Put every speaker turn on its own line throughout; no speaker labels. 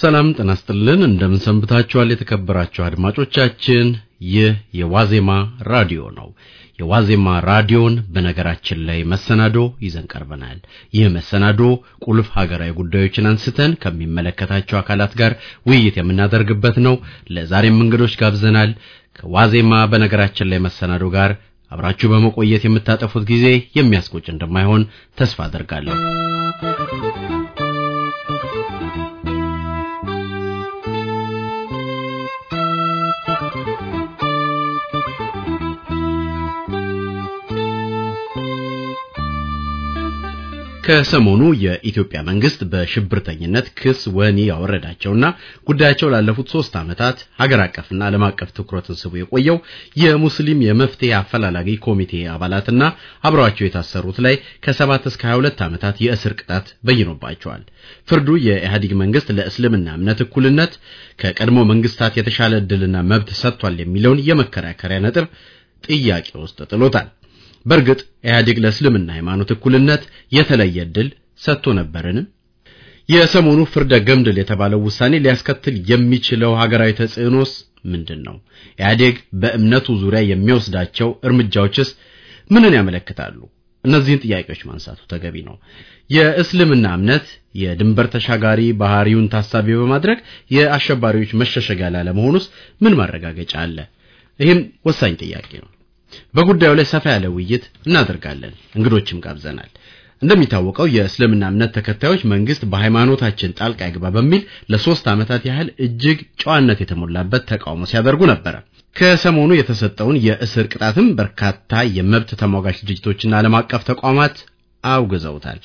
ሰላም ጤና እንደምን ሰንብታችኋል? የተከበራችሁ አድማጮቻችን ይህ የዋዜማ ራዲዮ ነው። የዋዜማ ራዲዮን በነገራችን ላይ መሰናዶ ይዘን ቀርበናል። ይህ መሰናዶ ቁልፍ ሀገራዊ ጉዳዮችን አንስተን ከሚመለከታቸው አካላት ጋር ውይይት የምናደርግበት ነው። ለዛሬም መንገዶች ጋብዘናል። ከዋዜማ በነገራችን ላይ መሰናዶ ጋር አብራችሁ በመቆየት የምታጠፉት ጊዜ የሚያስቆጭ እንደማይሆን ተስፋ አደርጋለሁ። ከሰሞኑ የኢትዮጵያ መንግስት በሽብርተኝነት ክስ ወኒ ያወረዳቸውና ጉዳያቸው ላለፉት ሶስት ዓመታት ሀገር አቀፍና ዓለም አቀፍ ትኩረትን ስቦ የቆየው የሙስሊም የመፍትሄ አፈላላጊ ኮሚቴ አባላትና አብረዋቸው የታሰሩት ላይ ከሰባት እስከ 22 ዓመታት የእስር ቅጣት በይኖባቸዋል። ፍርዱ የኢህአዲግ መንግስት ለእስልምና እምነት እኩልነት ከቀድሞ መንግስታት የተሻለ እድልና መብት ሰጥቷል የሚለውን የመከራከሪያ ነጥብ ጥያቄ ውስጥ ጥሎታል። በእርግጥ ኢህአዴግ ለእስልምና ሃይማኖት እኩልነት የተለየ እድል ሰጥቶ ነበርን? የሰሞኑ ፍርደ ገምድል የተባለው ውሳኔ ሊያስከትል የሚችለው ሀገራዊ ተጽዕኖስ ምንድን ነው? ኢህአዴግ በእምነቱ ዙሪያ የሚወስዳቸው እርምጃዎችስ ምንን ያመለክታሉ? እነዚህን ጥያቄዎች ማንሳቱ ተገቢ ነው። የእስልምና እምነት የድንበር ተሻጋሪ ባህሪውን ታሳቢ በማድረግ የአሸባሪዎች መሸሸጊያ ላለመሆኑስ ምን ማረጋገጫ አለ? ይህም ወሳኝ ጥያቄ ነው። በጉዳዩ ላይ ሰፋ ያለ ውይይት እናደርጋለን። እንግዶችም ጋብዘናል። እንደሚታወቀው የእስልምና እምነት ተከታዮች መንግስት በሃይማኖታችን ጣልቃ ይግባ በሚል ለሶስት ዓመታት ያህል እጅግ ጨዋነት የተሞላበት ተቃውሞ ሲያደርጉ ነበረ። ከሰሞኑ የተሰጠውን የእስር ቅጣትም በርካታ የመብት ተሟጋች ድርጅቶችና ዓለም አቀፍ ተቋማት አውግዘውታል።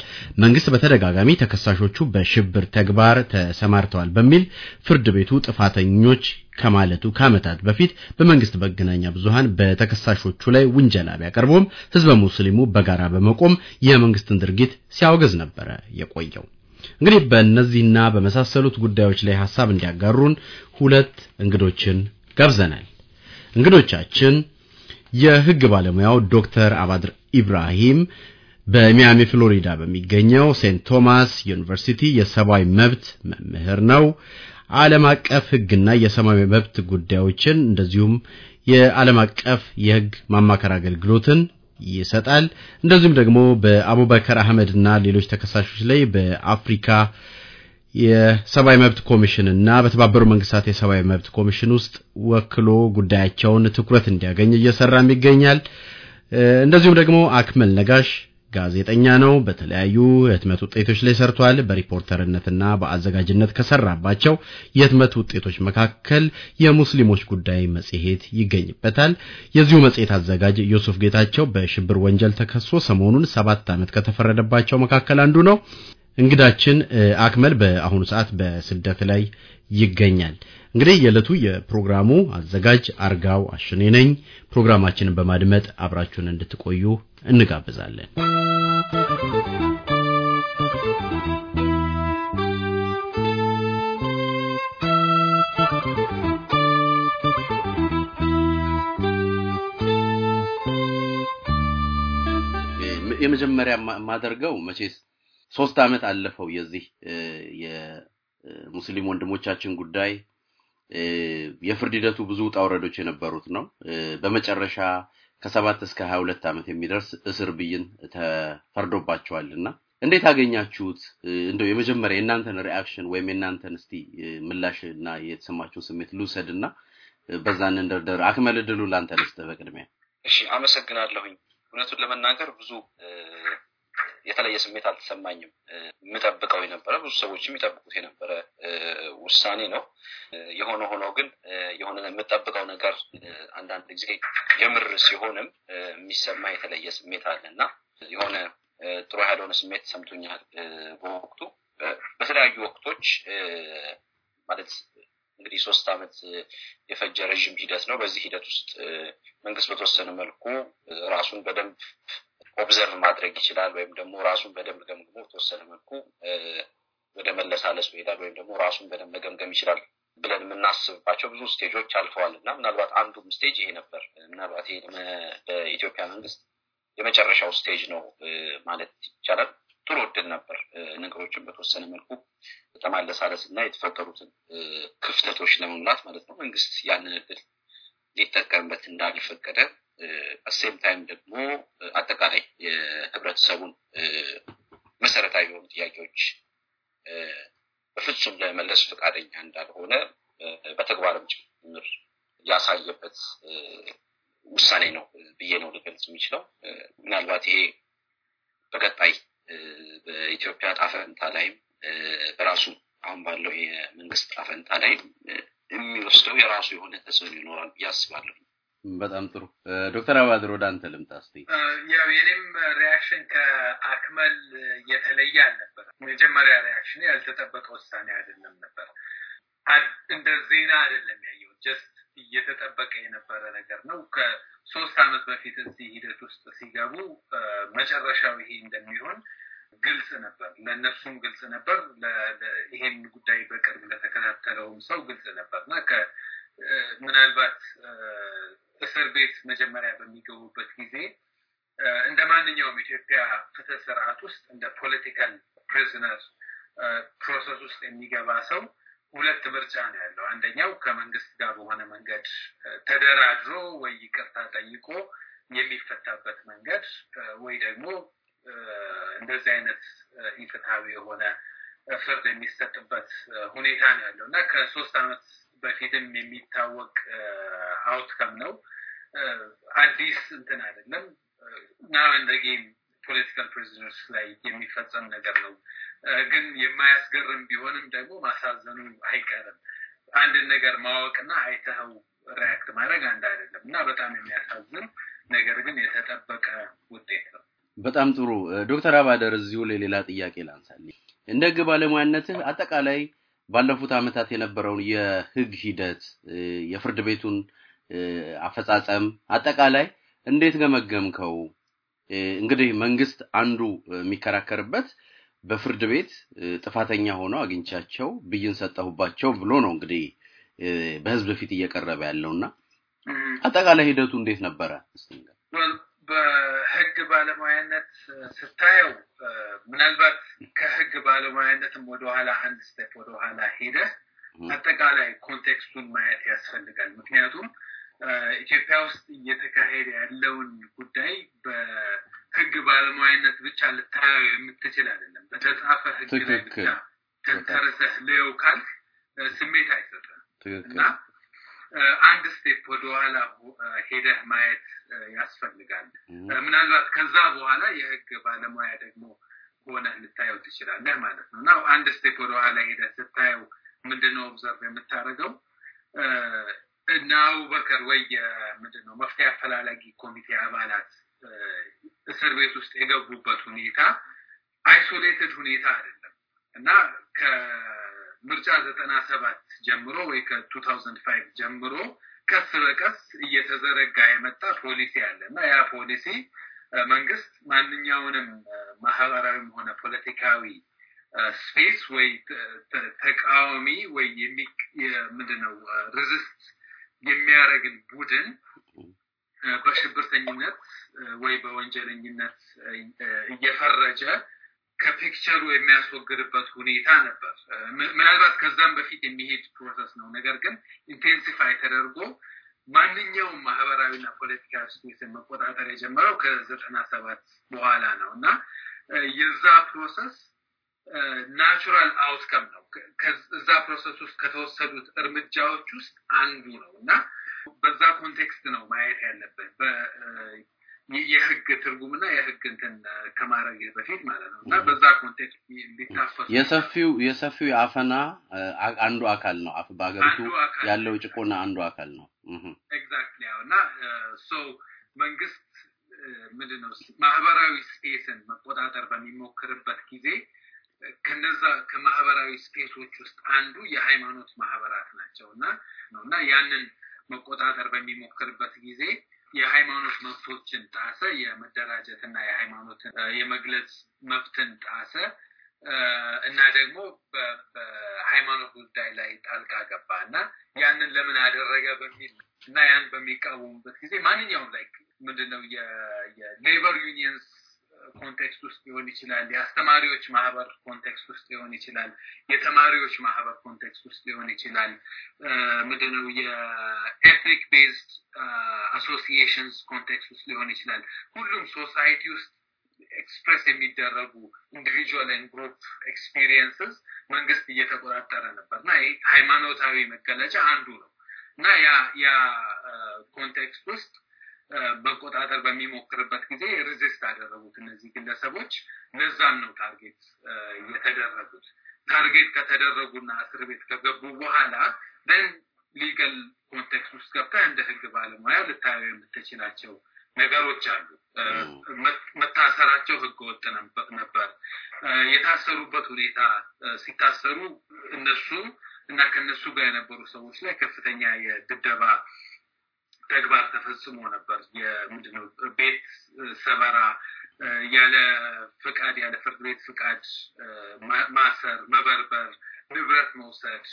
መንግስት በተደጋጋሚ ተከሳሾቹ በሽብር ተግባር ተሰማርተዋል በሚል ፍርድ ቤቱ ጥፋተኞች ከማለቱ ከዓመታት በፊት በመንግስት መገናኛ ብዙሃን በተከሳሾቹ ላይ ውንጀላ ቢያቀርቡም ህዝበ ሙስሊሙ በጋራ በመቆም የመንግስትን ድርጊት ሲያውገዝ ነበረ የቆየው። እንግዲህ በእነዚህና በመሳሰሉት ጉዳዮች ላይ ሀሳብ እንዲያጋሩን ሁለት እንግዶችን ጋብዘናል። እንግዶቻችን የህግ ባለሙያው ዶክተር አባድር ኢብራሂም በሚያሚ ፍሎሪዳ በሚገኘው ሴንት ቶማስ ዩኒቨርሲቲ የሰብአዊ መብት መምህር ነው። ዓለም አቀፍ ሕግና የሰብአዊ መብት ጉዳዮችን እንደዚሁም የዓለም አቀፍ የሕግ ማማከር አገልግሎትን ይሰጣል። እንደዚሁም ደግሞ በአቡበከር አህመድና ሌሎች ተከሳሾች ላይ በአፍሪካ የሰብአዊ መብት ኮሚሽንና በተባበሩ መንግስታት የሰብአዊ መብት ኮሚሽን ውስጥ ወክሎ ጉዳያቸውን ትኩረት እንዲያገኝ እየሰራም ይገኛል። እንደዚሁም ደግሞ አክመል ነጋሽ ጋዜጠኛ ነው። በተለያዩ የህትመት ውጤቶች ላይ ሰርቷል። በሪፖርተርነትና በአዘጋጅነት ከሰራባቸው የህትመት ውጤቶች መካከል የሙስሊሞች ጉዳይ መጽሔት ይገኝበታል። የዚሁ መጽሔት አዘጋጅ ዮሱፍ ጌታቸው በሽብር ወንጀል ተከሶ ሰሞኑን ሰባት ዓመት ከተፈረደባቸው መካከል አንዱ ነው። እንግዳችን አክመል በአሁኑ ሰዓት በስደት ላይ ይገኛል። እንግዲህ የዕለቱ የፕሮግራሙ አዘጋጅ አርጋው አሽኔ ነኝ። ፕሮግራማችንን በማድመጥ አብራችሁን እንድትቆዩ እንጋብዛለን። የመጀመሪያ የማደርገው መቼስ ሶስት ዓመት አለፈው የዚህ የሙስሊም ወንድሞቻችን ጉዳይ የፍርድ ሂደቱ ብዙ ውጣ ውረዶች የነበሩት ነው። በመጨረሻ ከሰባት እስከ ሀያ ሁለት ዓመት የሚደርስ እስር ብይን ተፈርዶባቸዋል እና እንዴት አገኛችሁት? እንደው የመጀመሪያ የእናንተን ሪአክሽን ወይም የእናንተን እስቲ ምላሽ እና የተሰማችሁ ስሜት ልውሰድ እና በዛን እንደርደር። አክመል ድሉ ላንተ ልስጥ በቅድሚያ።
እሺ፣ አመሰግናለሁኝ። እውነቱን ለመናገር ብዙ የተለየ ስሜት አልተሰማኝም። የምጠብቀው የነበረ ብዙ ሰዎች የሚጠብቁት የነበረ ውሳኔ ነው። የሆነ ሆኖ ግን የሆነ የምጠብቀው ነገር አንዳንድ ጊዜ የምር ሲሆንም የሚሰማ የተለየ ስሜት አለ እና የሆነ ጥሩ ያልሆነ ስሜት ሰምቶኛል። በወቅቱ በተለያዩ ወቅቶች ማለት እንግዲህ ሶስት ዓመት የፈጀ ረዥም ሂደት ነው። በዚህ ሂደት ውስጥ መንግስት በተወሰነ መልኩ ራሱን በደንብ ኦብዘርቭ ማድረግ ይችላል ወይም ደግሞ ራሱን በደንብ ገምግሞ የተወሰነ መልኩ ወደ መለሳለስ ይሄዳል ወይም ደግሞ ራሱን በደንብ መገምገም ይችላል ብለን የምናስብባቸው ብዙ ስቴጆች አልፈዋል እና ምናልባት አንዱም ስቴጅ ይሄ ነበር። ምናልባት ይሄ በኢትዮጵያ መንግስት የመጨረሻው ስቴጅ ነው ማለት ይቻላል። ጥሩ እድል ነበር። ነገሮችን በተወሰነ መልኩ ለማለሳለስ እና የተፈጠሩትን ክፍተቶች ለመሙላት ማለት ነው መንግስት ያንን እድል ሊጠቀምበት እንዳልፈቀደ በሴም ታይም ደግሞ አጠቃላይ የህብረተሰቡን መሰረታዊ የሆኑ ጥያቄዎች በፍጹም ለመለስ ፈቃደኛ እንዳልሆነ በተግባርም ጭምር ያሳየበት ውሳኔ ነው ብዬ ነው ልገልጽ የሚችለው። ምናልባት ይሄ በቀጣይ በኢትዮጵያ ጣፈንታ ላይም በራሱ አሁን ባለው የመንግስት ጣፈንታ
ላይ የሚወስደው የራሱ የሆነ ተጽዕኖ ይኖራል ብዬ አስባለሁ። በጣም ጥሩ ዶክተር አባድር ወደ አንተ ልምጣ። ስ
ያው የኔም ሪያክሽን ከአክመል የተለየ አልነበረ መጀመሪያ ሪያክሽን ያልተጠበቀ ውሳኔ አይደለም ነበር፣ እንደ ዜና አይደለም ያየው ጀስት እየተጠበቀ የነበረ ነገር ነው። ከሶስት አመት በፊት እዚህ ሂደት ውስጥ ሲገቡ መጨረሻው ይሄ እንደሚሆን ግልጽ ነበር፣ ለእነሱም ግልጽ ነበር፣ ይሄን ጉዳይ በቅርብ ለተከታተለውም ሰው ግልጽ ነበር እና ምናልባት እስር ቤት መጀመሪያ በሚገቡበት ጊዜ እንደ ማንኛውም ኢትዮጵያ ፍትህ ስርዓት ውስጥ እንደ ፖለቲካል ፕሪዝነር ፕሮሰስ ውስጥ የሚገባ ሰው ሁለት ምርጫ ነው ያለው። አንደኛው ከመንግስት ጋር በሆነ መንገድ ተደራድሮ ወይ ይቅርታ ጠይቆ የሚፈታበት መንገድ ወይ ደግሞ እንደዚህ አይነት ኢፍትሐዊ የሆነ ፍርድ የሚሰጥበት ሁኔታ ነው ያለው እና ከሶስት ዓመት በፊትም የሚታወቅ አውትከም ነው። አዲስ እንትን አይደለም። ናው እንደጌም ፖለቲካል ፕሪዝነርስ ላይ የሚፈጸም ነገር ነው። ግን የማያስገርም ቢሆንም ደግሞ ማሳዘኑ አይቀርም። አንድን ነገር ማወቅና አይተኸው ሪያክት ማድረግ አንድ አይደለም እና በጣም የሚያሳዝን ነገር ግን የተጠበቀ ውጤት ነው።
በጣም ጥሩ ዶክተር አባደር እዚሁ ሌላ ጥያቄ ላንሳል። እንደ ህግ ባለሙያነትህ አጠቃላይ ባለፉት ዓመታት የነበረውን የህግ ሂደት የፍርድ ቤቱን አፈጻጸም አጠቃላይ እንዴት ገመገምከው? እንግዲህ መንግስት አንዱ የሚከራከርበት በፍርድ ቤት ጥፋተኛ ሆነው አግኝቻቸው ብይን ሰጠሁባቸው ብሎ ነው እንግዲህ በህዝብ ፊት እየቀረበ ያለውና አጠቃላይ ሂደቱ እንዴት ነበረ?
ህግ ባለሙያነት ስታየው ምናልባት ከህግ ባለሙያነትም ወደኋላ አንድ ስቴፕ ወደኋላ ሄደ አጠቃላይ ኮንቴክስቱን ማየት ያስፈልጋል። ምክንያቱም ኢትዮጵያ ውስጥ እየተካሄደ ያለውን ጉዳይ በህግ ባለሙያነት
ብቻ ልታየው የምትችል አይደለም። በተጻፈ ህግ ላይ ብቻ ተንተርሰህ ልየው ካልክ
ስሜት አይሰጥም እና አንድ ስቴፕ ወደኋላ ሄደህ ማየት ያስፈልጋል። ምናልባት ከዛ በኋላ የህግ ባለሙያ ደግሞ ሆነ ልታየው ትችላለህ ማለት ነው እና አንድ ስቴፕ ወደኋላ ሄደህ ስታየው ምንድነው ኦብዘርቭ የምታደርገው? እና አቡበከር ወይ የምንድነው መፍትሄ አፈላላጊ ኮሚቴ አባላት እስር ቤት ውስጥ የገቡበት ሁኔታ አይሶሌትድ ሁኔታ አይደለም እና ምርጫ ዘጠና ሰባት ጀምሮ ወይ ከቱ ታውዘንድ ፋይቭ ጀምሮ ቀስ በቀስ እየተዘረጋ የመጣ ፖሊሲ አለ እና ያ ፖሊሲ መንግስት ማንኛውንም ማህበራዊም ሆነ ፖለቲካዊ ስፔስ ወይ ተቃዋሚ ወይ ምንድነው ርዝስት የሚያደረግን ቡድን በሽብርተኝነት ወይ በወንጀለኝነት እየፈረጀ ከፒክቸሩ የሚያስወግድበት ሁኔታ ነበር። ምናልባት ከዛም በፊት የሚሄድ ፕሮሰስ ነው። ነገር ግን ኢንቴንሲፋይ ተደርጎ ማንኛውም ማህበራዊና ፖለቲካዊ ስፔስን መቆጣጠር የጀመረው ከዘጠና ሰባት በኋላ ነው እና የዛ ፕሮሰስ ናቹራል አውትከም ነው። እዛ ፕሮሰስ ውስጥ ከተወሰዱት እርምጃዎች ውስጥ አንዱ ነው እና በዛ ኮንቴክስት ነው ማየት ያለብን የህግ ትርጉምና የህግ እንትን ከማድረግ በፊት ማለት ነው እና በዛ ኮንቴክስት ሊታፈሱ የሰፊው
የሰፊው የአፈና አንዱ አካል ነው። በሀገሪቱ ያለው ጭቆና አንዱ አካል ነው። ኤግዛክትሊ ያው እና
ሶ መንግስት ምንድን ነው ማህበራዊ ስፔስን መቆጣጠር በሚሞክርበት ጊዜ ከነዛ ከማህበራዊ ስፔሶች ውስጥ አንዱ የሃይማኖት ማህበራት ናቸው እና እና ያንን መቆጣጠር በሚሞክርበት ጊዜ የሃይማኖት መብቶችን ጣሰ፣ የመደራጀትና የሃይማኖትን የመግለጽ መብትን ጣሰ እና ደግሞ በሃይማኖት ጉዳይ ላይ ጣልቃ ገባ እና ያንን ለምን አደረገ በሚል እና ያን በሚቃወሙበት ጊዜ ማንኛውም ላይ ምንድነው የሌበር ዩኒየንስ ኮንቴክስት ውስጥ ሊሆን ይችላል። የአስተማሪዎች ማህበር ኮንቴክስት ውስጥ ሊሆን ይችላል። የተማሪዎች ማህበር ኮንቴክስት ውስጥ ሊሆን ይችላል። ምንድነው የኤትኒክ ቤዝድ አሶሲዬሽንስ ኮንቴክስት ውስጥ ሊሆን ይችላል። ሁሉም ሶሳይቲ ውስጥ ኤክስፕሬስ የሚደረጉ ኢንዲቪጁዋል ኤንድ ግሩፕ ኤክስፒሪየንስስ መንግስት እየተቆጣጠረ ነበር እና ሃይማኖታዊ መገለጫ አንዱ ነው እና ያ ኮንቴክስት ውስጥ መቆጣጠር በሚሞክርበት ጊዜ ሬዚስት ያደረጉት እነዚህ ግለሰቦች ነዛን ነው ታርጌት የተደረጉት። ታርጌት ከተደረጉና እስር ቤት ከገቡ በኋላ ደን ሊገል ኮንቴክስት ውስጥ ገብታ እንደ ህግ ባለሙያ ልታየው የምትችላቸው ነገሮች አሉ። መታሰራቸው ህገወጥ ነበር። የታሰሩበት ሁኔታ ሲታሰሩ እነሱ እና ከነሱ ጋር የነበሩ ሰዎች ላይ ከፍተኛ የድብደባ ተግባር ተፈጽሞ ነበር። የምንድነው ቤት ሰበራ፣ ያለ ፍቃድ ያለ ፍርድ ቤት ፍቃድ ማሰር፣ መበርበር፣ ንብረት መውሰድ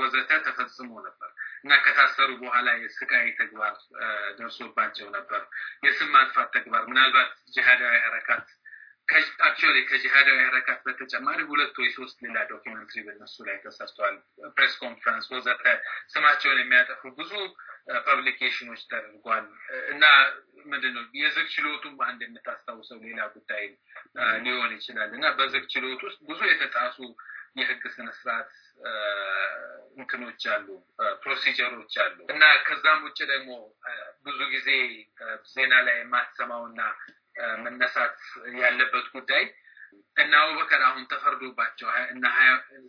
ወዘተ ተፈጽሞ ነበር እና ከታሰሩ በኋላ የስቃይ ተግባር ደርሶባቸው ነበር። የስም ማጥፋት ተግባር ምናልባት ጂሃዳዊ ሀረካት አክቹዋሊ ከጂሃዳዊ ሀረካት በተጨማሪ ሁለት ወይ ሶስት ሌላ ዶኪመንትሪ በነሱ ላይ ተሰርተዋል። ፕሬስ ኮንፈረንስ ወዘተ ስማቸውን የሚያጠፉ ብዙ ፐብሊኬሽኖች ተደርጓል እና ምንድን ነው የዝግ ችሎቱም አንድ የምታስታውሰው ሌላ ጉዳይ ሊሆን ይችላል እና በዝግ ችሎት ውስጥ ብዙ የተጣሱ የህግ ስነስርዓት እንትኖች አሉ፣ ፕሮሲጀሮች አሉ እና ከዛም ውጭ ደግሞ ብዙ ጊዜ ዜና ላይ የማትሰማውና መነሳት ያለበት ጉዳይ እና አቡበከር አሁን ተፈርዶባቸው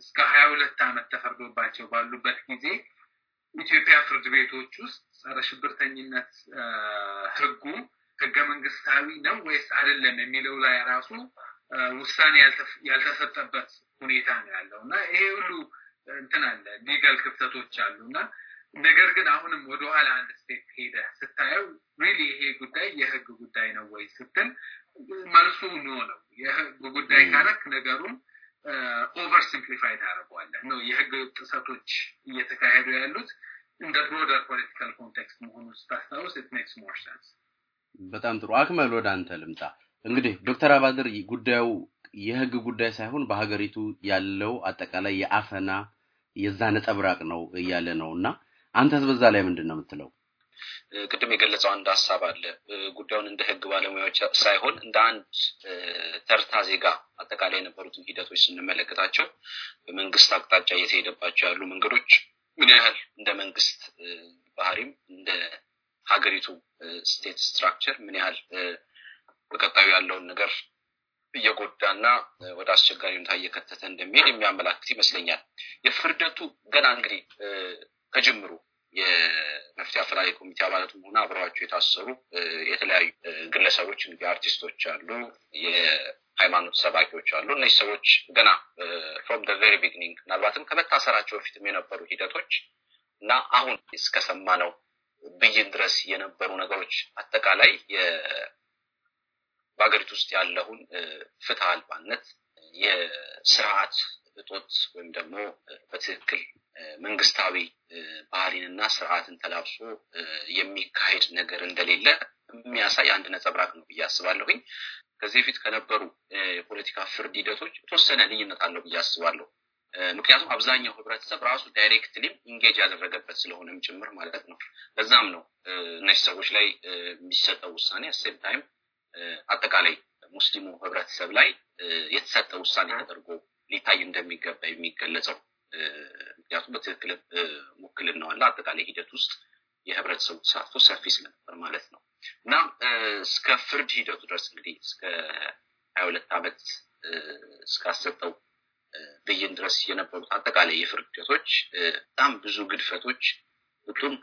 እስከ ሀያ ሁለት አመት ተፈርዶባቸው ባሉበት ጊዜ ኢትዮጵያ ፍርድ ቤቶች ውስጥ ጸረ ሽብርተኝነት ህጉ ህገ መንግስታዊ ነው ወይስ አይደለም የሚለው ላይ ራሱ ውሳኔ ያልተሰጠበት ሁኔታ ነው ያለው እና ይሄ ሁሉ እንትን አለ ሊጋል ክፍተቶች አሉ እና ነገር ግን አሁንም ወደኋላ አንድ ስቴት ሄደ ስታየው ሪሊ ይሄ ጉዳይ የህግ ጉዳይ ነው ወይ ስትል መልሱ ኖ ነው። የህግ ጉዳይ ካረክ ነገሩን ኦቨር ሲምፕሊፋይ ታደርገዋለህ ነው የህግ ጥሰቶች እየተካሄዱ ያሉት እንደ ብሮደር ፖለቲካል ኮንቴክስት መሆኑ ስታስታውስ ኢት ሜክስ ሞር ሰንስ።
በጣም ጥሩ አክመል፣ ወደ አንተ ልምጣ። እንግዲህ ዶክተር አባድር ጉዳዩ የህግ ጉዳይ ሳይሆን በሀገሪቱ ያለው አጠቃላይ የአፈና የዛ ነጠብራቅ ነው እያለ ነው እና አንተስ በዛ ላይ ምንድን ነው የምትለው?
ቅድም የገለጸው አንድ ሀሳብ አለ። ጉዳዩን እንደ ህግ ባለሙያዎች ሳይሆን እንደ አንድ ተርታ ዜጋ አጠቃላይ የነበሩትን ሂደቶች ስንመለከታቸው በመንግስት አቅጣጫ እየተሄደባቸው ያሉ መንገዶች ምን ያህል እንደ መንግስት ባህሪም እንደ ሀገሪቱ ስቴት ስትራክቸር ምን ያህል በቀጣዩ ያለውን ነገር እየጎዳና ወደ አስቸጋሪ ሁኔታ እየከተተ እንደሚሄድ የሚያመላክት ይመስለኛል። የፍርደቱ ገና እንግዲህ ከጅምሩ የመፍትሄ አፈላላጊ ኮሚቴ አባላትም ሆነ አብረዋቸው የታሰሩ የተለያዩ ግለሰቦች እንግዲህ አርቲስቶች አሉ፣ የሃይማኖት ሰባኪዎች አሉ። እነዚህ ሰዎች ገና ፍሮም ደ ቨሪ ቢግኒንግ ምናልባትም ከመታሰራቸው በፊትም የነበሩ ሂደቶች እና አሁን እስከሰማነው ብይን ድረስ የነበሩ ነገሮች አጠቃላይ በሀገሪቱ ውስጥ ያለውን ፍትህ አልባነት፣ የስርዓት እጦት ወይም ደግሞ በትክክል መንግስታዊ ባህሪንና ስርዓትን ተላብሶ የሚካሄድ ነገር እንደሌለ የሚያሳይ አንድ ነጸብራቅ ነው ብዬ አስባለሁኝ። ከዚህ በፊት ከነበሩ የፖለቲካ ፍርድ ሂደቶች የተወሰነ ልዩነት አለው ብዬ አስባለሁ። ምክንያቱም አብዛኛው ህብረተሰብ ራሱ ዳይሬክትሊም ኢንጌጅ ያደረገበት ስለሆነም ጭምር ማለት ነው። በዛም ነው እነዚህ ሰዎች ላይ የሚሰጠው ውሳኔ አሴም ታይም አጠቃላይ ሙስሊሙ ህብረተሰብ ላይ የተሰጠ ውሳኔ ተደርጎ ሊታይ እንደሚገባ የሚገለጸው ምክንያቱም በትክክል ውክልናዋና አጠቃላይ ሂደት ውስጥ የህብረተሰቡ ተሳትፎ ሰፊ ስለነበር ማለት ነው እና እስከ ፍርድ ሂደቱ ድረስ እንግዲህ እስከ ሀያ ሁለት ዓመት እስካሰጠው ብይን ድረስ የነበሩት አጠቃላይ የፍርድ ሂደቶች በጣም ብዙ ግድፈቶች፣ ሁሉም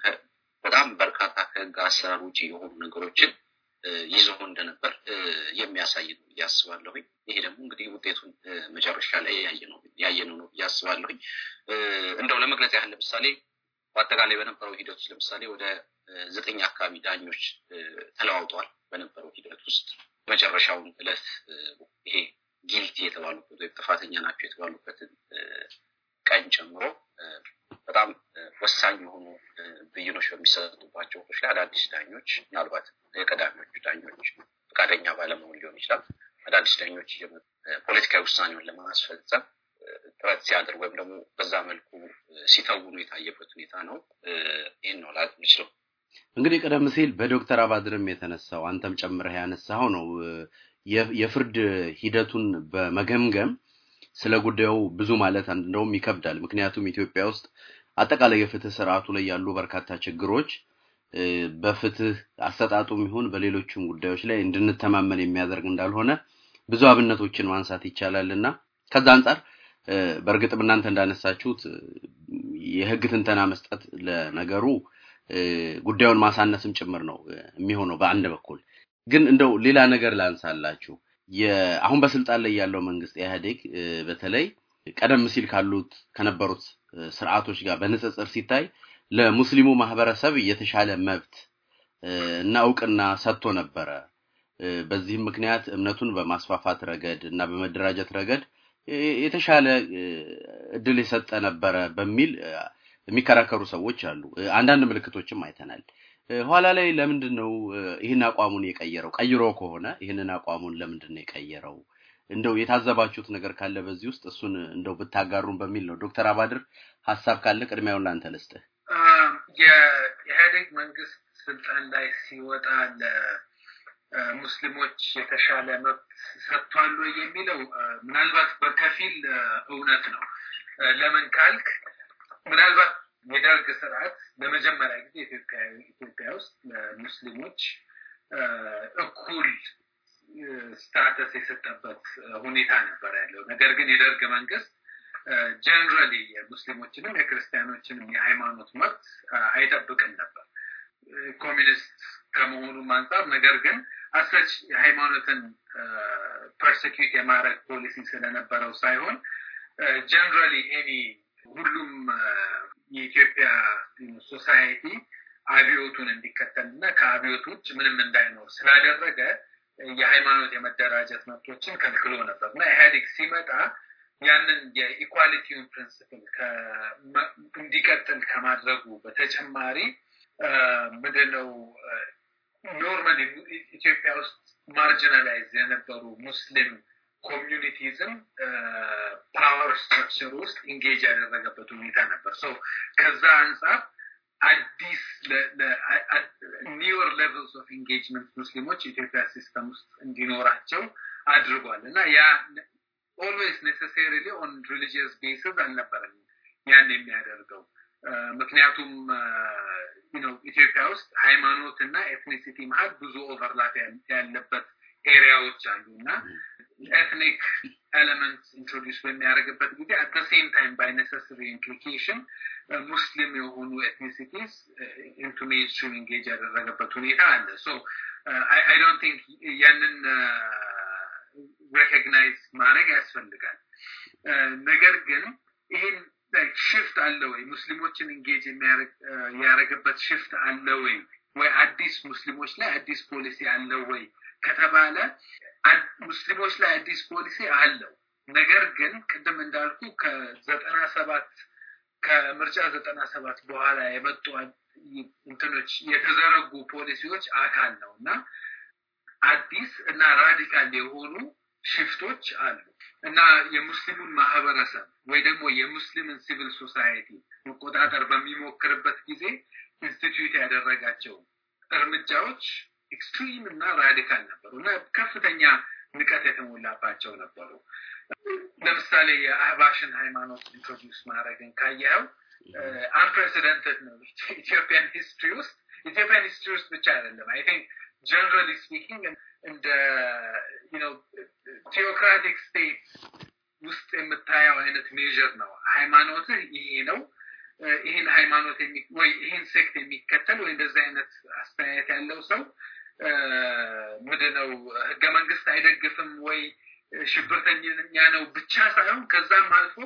በጣም በርካታ ከህግ አሰራር ውጭ የሆኑ ነገሮችን ይዞ እንደነበር የሚያሳይ ነው ብዬ አስባለሁ ይሄ ደግሞ እንግዲህ ውጤቱን መጨረሻ ላይ ያየነው ነው ብዬ አስባለሁ እንደው ለመግለጽ ያህል ለምሳሌ በአጠቃላይ በነበረው ሂደት ውስጥ ለምሳሌ ወደ ዘጠኝ አካባቢ ዳኞች ተለዋውጠዋል። በነበረው ሂደት ውስጥ መጨረሻውን እለት ይሄ ጊልቲ የተባሉበት ወይም ጥፋተኛ ናቸው የተባሉበትን ቀን ጨምሮ በጣም ወሳኝ የሆኑ ብይኖች በሚሰጡባቸው ወቅቶች ላይ አዳዲስ ዳኞች ምናልባት የቀዳሚዎቹ ዳኞች ፈቃደኛ ባለመሆን ሊሆን ይችላል። አዳዲስ ዳኞች ፖለቲካዊ ውሳኔውን ለማስፈጸም ጥረት ሲያደርግ ወይም ደግሞ በዛ መልኩ ሲተውኑ የታየበት ሁኔታ ነው። ይህን ነው ላት
እንግዲህ ቀደም ሲል በዶክተር አባድርም የተነሳው አንተም ጨምረህ ያነሳው ነው የፍርድ ሂደቱን በመገምገም ስለ ጉዳዩ ብዙ ማለት እንደውም ይከብዳል። ምክንያቱም ኢትዮጵያ ውስጥ አጠቃላይ የፍትህ ስርዓቱ ላይ ያሉ በርካታ ችግሮች በፍትህ አሰጣጡም ይሁን በሌሎችም ጉዳዮች ላይ እንድንተማመን የሚያደርግ እንዳልሆነ ብዙ አብነቶችን ማንሳት ይቻላል እና ከዛ አንጻር በእርግጥም እናንተ እንዳነሳችሁት የህግ ትንተና መስጠት ለነገሩ ጉዳዩን ማሳነስም ጭምር ነው የሚሆነው። በአንድ በኩል ግን እንደው ሌላ ነገር ላንሳላችሁ። አሁን በስልጣን ላይ ያለው መንግስት ኢህአዴግ በተለይ ቀደም ሲል ካሉት ከነበሩት ስርዓቶች ጋር በንጽጽር ሲታይ ለሙስሊሙ ማህበረሰብ የተሻለ መብት እና እውቅና ሰጥቶ ነበረ። በዚህም ምክንያት እምነቱን በማስፋፋት ረገድ እና በመደራጀት ረገድ የተሻለ እድል የሰጠ ነበረ በሚል የሚከራከሩ ሰዎች አሉ። አንዳንድ ምልክቶችም አይተናል። ኋላ ላይ ለምንድን ነው ይህን አቋሙን የቀየረው? ቀይሮ ከሆነ ይህንን አቋሙን ለምንድን ነው የቀየረው? እንደው የታዘባችሁት ነገር ካለ በዚህ ውስጥ እሱን እንደው ብታጋሩን በሚል ነው። ዶክተር አባድር ሀሳብ ካለ ቅድሚያውን ላንተ ልስጥህ።
የኢህአዴግ መንግስት ስልጣን ላይ ሲወጣ ለሙስሊሞች የተሻለ መብት ሰጥቷሉ የሚለው ምናልባት በከፊል እውነት ነው። ለምን ካልክ ምናልባት የደርግ ስርዓት ለመጀመሪያ ጊዜ ኢትዮጵያ ውስጥ ለሙስሊሞች እኩል ስታተስ የሰጠበት ሁኔታ ነበር
ያለው። ነገር ግን
የደርግ መንግስት ጀነራሊ የሙስሊሞችንም የክርስቲያኖችንም የሃይማኖት መብት አይጠብቅም ነበር ኮሚኒስት ከመሆኑም አንጻር። ነገር ግን አሰች የሃይማኖትን ፐርሰኪዩት የማድረግ ፖሊሲ ስለነበረው ሳይሆን ጀነራሊ ኤኒ ሁሉም የኢትዮጵያ ሶሳይቲ አብዮቱን እንዲከተል እና ከአብዮቱ ውጭ ምንም እንዳይኖር ስላደረገ የሃይማኖት የመደራጀት መብቶችን ከልክሎ ነበር እና ኢህአዴግ ሲመጣ ያንን የኢኳሊቲውን ፕሪንስፕል እንዲቀጥል ከማድረጉ በተጨማሪ ምንድነው ኖርማል ኢትዮጵያ ውስጥ ማርጂናላይዝ የነበሩ ሙስሊም ኮሚዩኒቲዝም ፓወር ስትራክቸር ውስጥ ኢንጌጅ ያደረገበት ሁኔታ ነበር። ከዛ አንጻር አዲስ ኒውር ሌቨልስ ኦፍ ኢንጌጅመንት ሙስሊሞች ኢትዮጵያ ሲስተም ውስጥ እንዲኖራቸው አድርጓል እና ያ ኦልዌይስ ኔሴሰሪ ኦን ሪሊጂየስ ቤስስ አልነበረም ያን የሚያደርገው ምክንያቱም ኢትዮጵያ ውስጥ ሃይማኖት እና ኤትኒሲቲ መሀል ብዙ ኦቨርላፕ ያለበት ኤሪያዎች አሉ እና ኤትኒክ elements introduced by marriage, but at the same time, by necessary implication, uh, Muslim Yohunu ethnicities uh, into mainstream engage at a So uh, I, I don't think Yanin uh, recognize marriage as well. Uh, Nagargan, in that shift all the way, Muslim Ochin engage in marriage, uh, but shift all the way, where at this Muslim Ochin, at this policy all the way. ከተባለ ሙስሊሞች ላይ አዲስ ፖሊሲ አለው። ነገር ግን ቅድም እንዳልኩ ከዘጠና ሰባት ከምርጫ ዘጠና ሰባት በኋላ የመጡ እንትኖች የተዘረጉ ፖሊሲዎች አካል ነው እና አዲስ እና ራዲካል የሆኑ ሽፍቶች አሉ እና የሙስሊሙን ማህበረሰብ ወይ ደግሞ የሙስሊምን ሲቪል ሶሳይቲ መቆጣጠር በሚሞክርበት ጊዜ ኢንስቲትዩት ያደረጋቸው እርምጃዎች ኤክስትሪም እና ራዲካል ነበሩ እና ከፍተኛ ንቀት የተሞላባቸው ነበሩ። ለምሳሌ የአህባሽን ሃይማኖት ኢንትሮዲስ ማድረግን ካየው አንፕሬሲደንትድ ነው። ኢትዮጵያን ሂስትሪ ውስጥ ኢትዮጵያን ሂስትሪ ውስጥ ብቻ አይደለም። አይ ቲንክ ጀነራሊ ስፒኪንግ እንደ ቴዎክራቲክ ስቴት ውስጥ የምታየው አይነት ሜዥር ነው። ሃይማኖትህ ይሄ ነው ይህን ሃይማኖት ወይ ይህን ሴክት የሚከተል ወይ እንደዚህ አይነት አስተያየት ያለው ሰው ምንድነው ህገ መንግስት አይደግፍም ወይ ሽብርተኛ ነው ብቻ ሳይሆን ከዛም አልፎ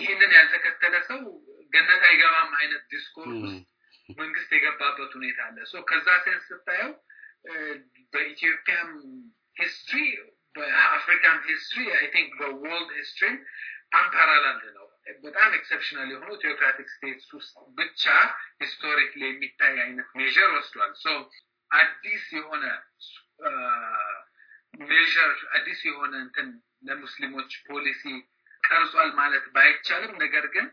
ይህንን ያልተከተለ ሰው ገነት አይገባም አይነት ዲስኮር ውስጥ መንግስት የገባበት ሁኔታ አለ። ከዛ ሴንስ ስታየው በኢትዮጵያም ሂስትሪ በአፍሪካን ሂስትሪ አይ ቲንክ በወርልድ ሂስትሪ አንፓራላል ነው በጣም ኤክሰፕሽናል የሆኑ ቴዎክራቲክ ስቴትስ ውስጥ ብቻ ሂስቶሪክ የሚታይ አይነት ሜዥር ወስዷል። ሶ አዲስ የሆነ ሜዥር uh, አዲስ የሆነ እንትን ለሙስሊሞች ፖሊሲ ቀርጿል ማለት ባይቻልም፣ ነገር ግን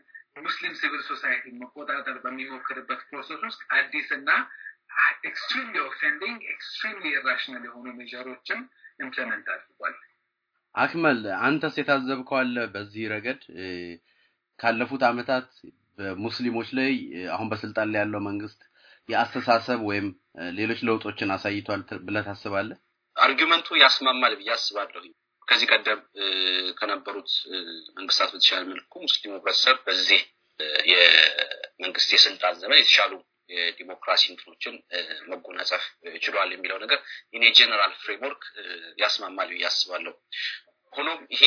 ሙስሊም ሲቪል ሶሳይቲ መቆጣጠር በሚሞክርበት ፕሮሰስ ውስጥ አዲስ እና ኤክስትሪምሊ ኦፌንዲንግ ኤክስትሪምሊ ኢራሽናል የሆኑ ሜዥሮችም ኢምፕለመንት አድርጓል።
አክመል አንተስ የታዘብከው አለ በዚህ ረገድ? ካለፉት ዓመታት በሙስሊሞች ላይ አሁን በስልጣን ላይ ያለው መንግስት የአስተሳሰብ ወይም ሌሎች ለውጦችን አሳይቷል ብለ ታስባለ?
አርጊመንቱ ያስማማል ብዬ አስባለሁ። ከዚህ ቀደም ከነበሩት መንግስታት በተሻለ መልኩ ሙስሊሙ ህብረተሰብ በዚህ የመንግስት የስልጣን ዘመን የተሻሉ የዲሞክራሲ እንትኖችን መጎናጸፍ ችሏል የሚለው ነገር ኢኔ ጀነራል ፍሬምወርክ ያስማማል ብዬ አስባለሁ። ሆኖም ይሄ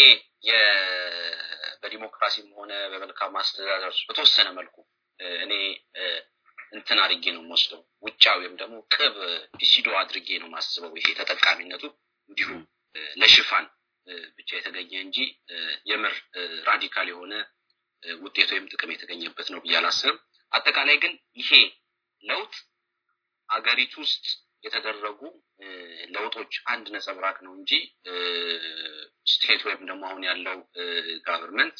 በዲሞክራሲም ሆነ በመልካም አስተዳደር በተወሰነ መልኩ እኔ እንትን አድርጌ ነው የምወስደው። ውጫዊ ወይም ደግሞ ቅብ ዲሲዶ አድርጌ ነው ማስበው። ይሄ ተጠቃሚነቱ እንዲሁ ለሽፋን ብቻ የተገኘ እንጂ የምር ራዲካል የሆነ ውጤት ወይም ጥቅም የተገኘበት ነው ብዬ አላስብም። አጠቃላይ ግን ይሄ ለውጥ አገሪቱ ውስጥ የተደረጉ ለውጦች አንድ ነጸብራቅ ነው እንጂ ስቴት ወይም ደግሞ አሁን ያለው
ጋቨርንመንት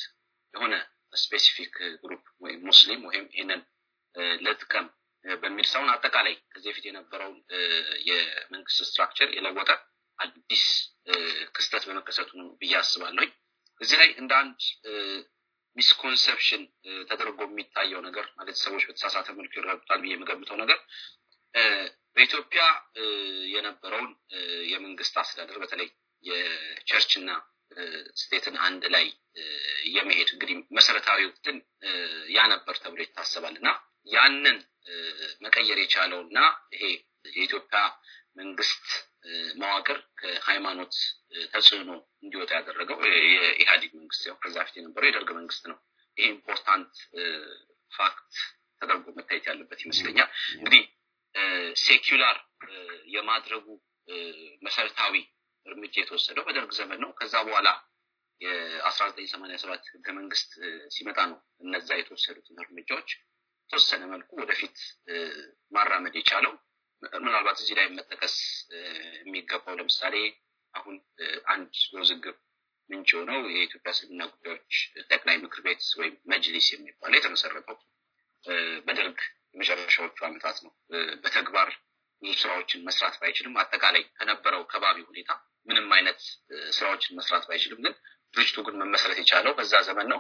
የሆነ ስፔሲፊክ ግሩፕ ወይም ሙስሊም ወይም ይህንን ለጥቀም በሚል ሳይሆን አጠቃላይ ከዚህ በፊት የነበረውን
የመንግስት ስትራክቸር የለወጠ አዲስ ክስተት በመከሰቱ ነው ብዬ አስባለሁ። እዚህ ላይ እንደ አንድ ሚስኮንሰፕሽን ተደርጎ የሚታየው ነገር ማለት ሰዎች በተሳሳተ መልኩ ይረዱታል ብዬ የምገምተው ነገር በኢትዮጵያ የነበረውን የመንግስት አስተዳደር በተለይ የቸርችና ስቴትን አንድ ላይ የመሄድ እንግዲህ መሰረታዊ ውትን ያ ነበር ተብሎ ይታሰባል እና ያንን መቀየር የቻለው እና ይሄ የኢትዮጵያ መንግስት መዋቅር ከሃይማኖት ተጽዕኖ እንዲወጣ ያደረገው የኢህአዴግ መንግስት ያው ከዛ ፊት የነበረው የደርግ መንግስት ነው። ይሄ ኢምፖርታንት ፋክት ተደርጎ መታየት ያለበት ይመስለኛል እንግዲህ ሴኪላር የማድረጉ መሰረታዊ እርምጃ የተወሰደው በደርግ ዘመን ነው። ከዛ በኋላ የአስራ ዘጠኝ ሰማኒያ ሰባት ህገ መንግስት ሲመጣ ነው እነዛ የተወሰዱትን እርምጃዎች ተወሰነ መልኩ ወደፊት ማራመድ የቻለው። ምናልባት እዚህ ላይ መጠቀስ የሚገባው ለምሳሌ አሁን አንድ ውዝግብ ምንጭ የሆነው የኢትዮጵያ እስልምና ጉዳዮች ጠቅላይ ምክር ቤት ወይም መጅሊስ የሚባለው የተመሰረተው በደርግ የመጨረሻዎቹ ዓመታት ነው። በተግባር ብዙ ስራዎችን መስራት ባይችልም አጠቃላይ ከነበረው ከባቢ ሁኔታ ምንም አይነት ስራዎችን መስራት ባይችልም ግን ድርጅቱ ግን መመስረት የቻለው በዛ ዘመን ነው።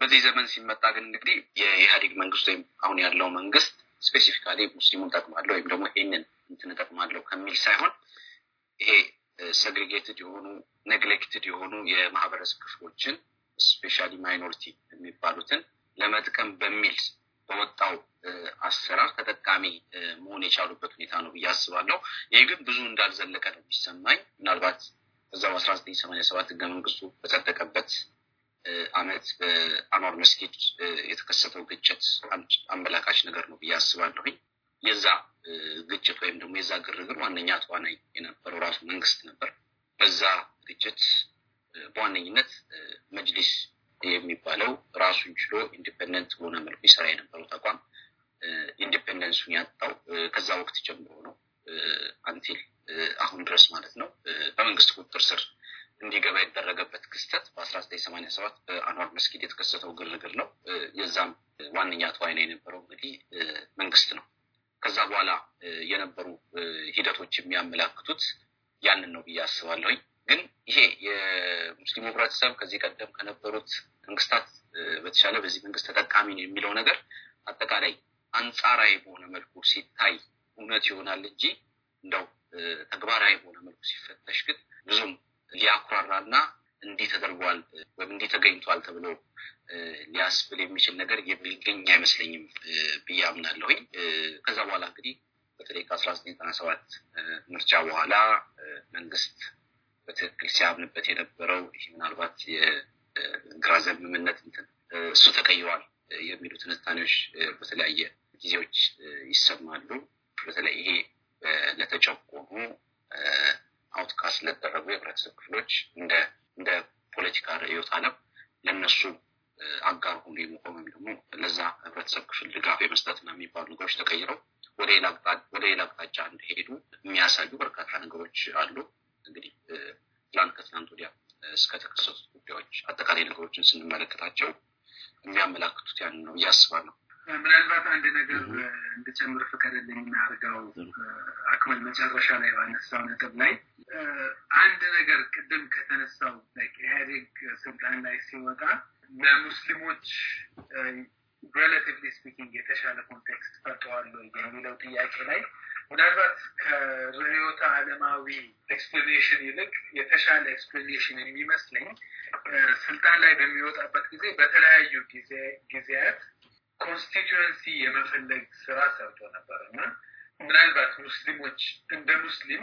በዚህ ዘመን ሲመጣ ግን እንግዲህ የኢህአዴግ መንግስት ወይም አሁን ያለው መንግስት ስፔሲፊካሊ ሙስሊሙን ጠቅማለሁ ወይም ደግሞ ይህንን እንትን ጠቅማለሁ ከሚል ሳይሆን ይሄ ሰግሪጌትድ የሆኑ ነግሌክትድ የሆኑ የማህበረሰብ ክፍሎችን ስፔሻሊ ማይኖሪቲ የሚባሉትን ለመጥቀም በሚል በወጣው አሰራር ተጠቃሚ መሆን የቻሉበት ሁኔታ ነው ብዬ አስባለሁ። ይህ ግን ብዙ እንዳልዘለቀ ነው የሚሰማኝ። ምናልባት እዛው አስራ ዘጠኝ ሰማንያ ሰባት ህገ መንግስቱ በጸደቀበት አመት በአኗር መስጊድ የተከሰተው ግጭት አመላካች ነገር ነው ብዬ አስባለሁኝ። የዛ ግጭት ወይም ደግሞ የዛ ግርግር ዋነኛ ተዋናይ የነበረው ራሱ መንግስት ነበር። በዛ ግጭት በዋነኝነት መጅሊስ የሚባለው ራሱን ችሎ ኢንዲፐንደንት በሆነ መልኩ ይሰራ የነበረው ተቋም ኢንዲፐንደንሱን ያጣው ከዛ ወቅት ጀምሮ ነው አንቲል አሁን ድረስ ማለት ነው። በመንግስት ቁጥር ስር እንዲገባ የተደረገበት ክስተት በአስራ ዘጠኝ ሰማንያ ሰባት በአንዋር መስጊድ የተከሰተው ግርግር ነው። የዛም ዋነኛ ተዋይና የነበረው እንግዲህ መንግስት ነው። ከዛ በኋላ የነበሩ ሂደቶች የሚያመላክቱት ያንን ነው ብዬ አስባለሁኝ። ግን ይሄ የሙስሊም ህብረተሰብ ከዚህ ቀደም ከነበሩት መንግስታት በተሻለ በዚህ መንግስት ተጠቃሚ ነው የሚለው ነገር አጠቃላይ አንጻራዊ በሆነ መልኩ ሲታይ እውነት ይሆናል እንጂ እንደው ተግባራዊ በሆነ መልኩ ሲፈተሽ ግን ብዙም ሊያኩራራና እንዲህ ተደርጓል ወይም እንዲህ ተገኝቷል ተብሎ ሊያስብል የሚችል ነገር የሚገኝ አይመስለኝም ብያምናለሁኝ ከዛ በኋላ እንግዲህ በተለይ ከአስራ ዘጠኝ ዘጠና ሰባት ምርጫ በኋላ መንግስት በትክክል ሲያምንበት የነበረው ይህ ምናልባት የግራ ዘመምነት እሱ ተቀይሯል የሚሉ ትንታኔዎች በተለያየ ጊዜዎች ይሰማሉ። በተለይ ይሄ ለተጨቆኑ አውትካስት ለተደረጉ የህብረተሰብ ክፍሎች እንደ ፖለቲካ ርዕዮተ ዓለም ለእነሱ አጋር ሆኖ የመቆም ደግሞ ለዛ ህብረተሰብ ክፍል ድጋፍ የመስጠትና የሚባሉ ነገሮች ተቀይረው ወደ ሌላ አቅጣጫ እንደሄዱ የሚያሳዩ በርካታ ነገሮች አሉ። እንግዲህ ትላንት ከትላንት ወዲያ እስከ ተከሰቱት ጉዳዮች አጠቃላይ ነገሮችን ስንመለከታቸው የሚያመላክቱት ያንን ነው እያስባል ነው።
ምናልባት አንድ ነገር እንድጨምር ፍቀድልኝ እናድርገው። አክመል መጨረሻ ላይ ባነሳው ነጥብ ላይ አንድ ነገር ቅድም ከተነሳው ኢህአዴግ ስልጣን ላይ ሲወጣ ለሙስሊሞች ሬላቲቭሊ ስፒኪንግ የተሻለ ኮንቴክስት ፈጥረዋል የሚለው ጥያቄ ላይ ምናልባት ከርዕዮተ ዓለማዊ ኤክስፕሌኔሽን ይልቅ የተሻለ ኤክስፕሌኔሽን የሚመስለኝ ስልጣን ላይ በሚወጣበት ጊዜ በተለያዩ ጊዜያት ኮንስቲቱዌንሲ የመፈለግ ስራ ሰርቶ ነበር እና ምናልባት ሙስሊሞች እንደ ሙስሊም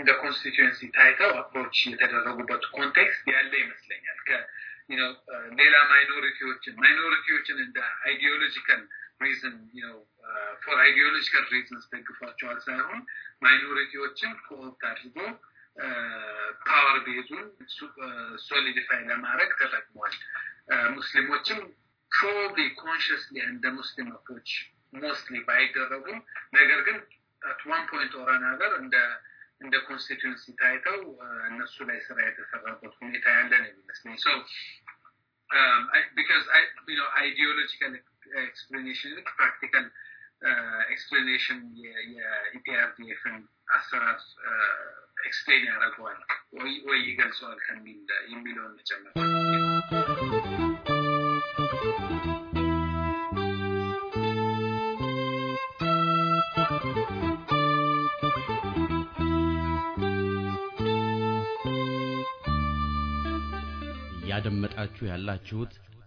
እንደ ኮንስቲቱንሲ ታይተው አፕሮች የተደረጉበት ኮንቴክስት ያለ ይመስለኛል። ሌላ ማይኖሪቲዎችን ማይኖሪቲዎችን እንደ አይዲዮሎጂካል ሪዝን ፎር አይዲዮሎጂካል ሪዝንስ ደግፏቸዋል ሳይሆን ማይኖሪቲዎችን ኮኦፕት አድርጎ ፓወር ቤዙን ሶሊዲፋይ ለማድረግ ተጠቅሟል። ሙስሊሞችም ፕሮብሊ ኮንሽስሊ እንደ ሙስሊም አፕሮች ሞስትሊ ባይደረጉም ነገር ግን አት ዋን ፖይንት ኦር አናዘር እንደ እንደ ኮንስቲቱንሲ ታይተው እነሱ ላይ ስራ የተሰራበት ሁኔታ ያለ ነው የሚመስለኝ ቢካዝ አይዲዮሎጂካል ኤክስፕሌኔሽን ልክ ፕራክቲካል ኤክስፕሌኔሽን የኢፒአርዲኤፍን አሰራር ኤክስፕሌን ያደርገዋል ወይ ይገልጸዋል ከሚል የሚለውን
መጨመር
እያደመጣችሁ ያላችሁት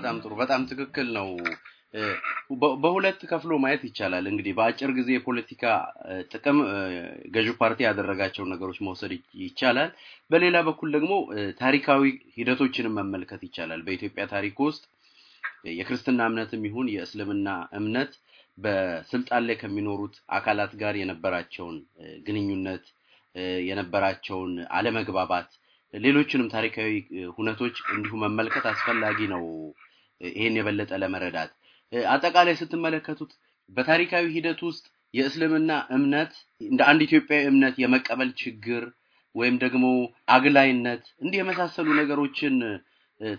በጣም ጥሩ፣ በጣም ትክክል ነው። በሁለት ከፍሎ ማየት ይቻላል። እንግዲህ በአጭር ጊዜ የፖለቲካ ጥቅም ገዥ ፓርቲ ያደረጋቸው ነገሮች መውሰድ ይቻላል። በሌላ በኩል ደግሞ ታሪካዊ ሂደቶችንም መመልከት ይቻላል። በኢትዮጵያ ታሪክ ውስጥ የክርስትና እምነትም ይሁን የእስልምና እምነት በስልጣን ላይ ከሚኖሩት አካላት ጋር የነበራቸውን ግንኙነት፣ የነበራቸውን አለመግባባት፣ ሌሎችንም ታሪካዊ ሁነቶች እንዲሁ መመልከት አስፈላጊ ነው ይሄን የበለጠ ለመረዳት አጠቃላይ ስትመለከቱት በታሪካዊ ሂደት ውስጥ የእስልምና እምነት እንደ አንድ ኢትዮጵያዊ እምነት የመቀበል ችግር ወይም ደግሞ አግላይነት እንዲህ የመሳሰሉ ነገሮችን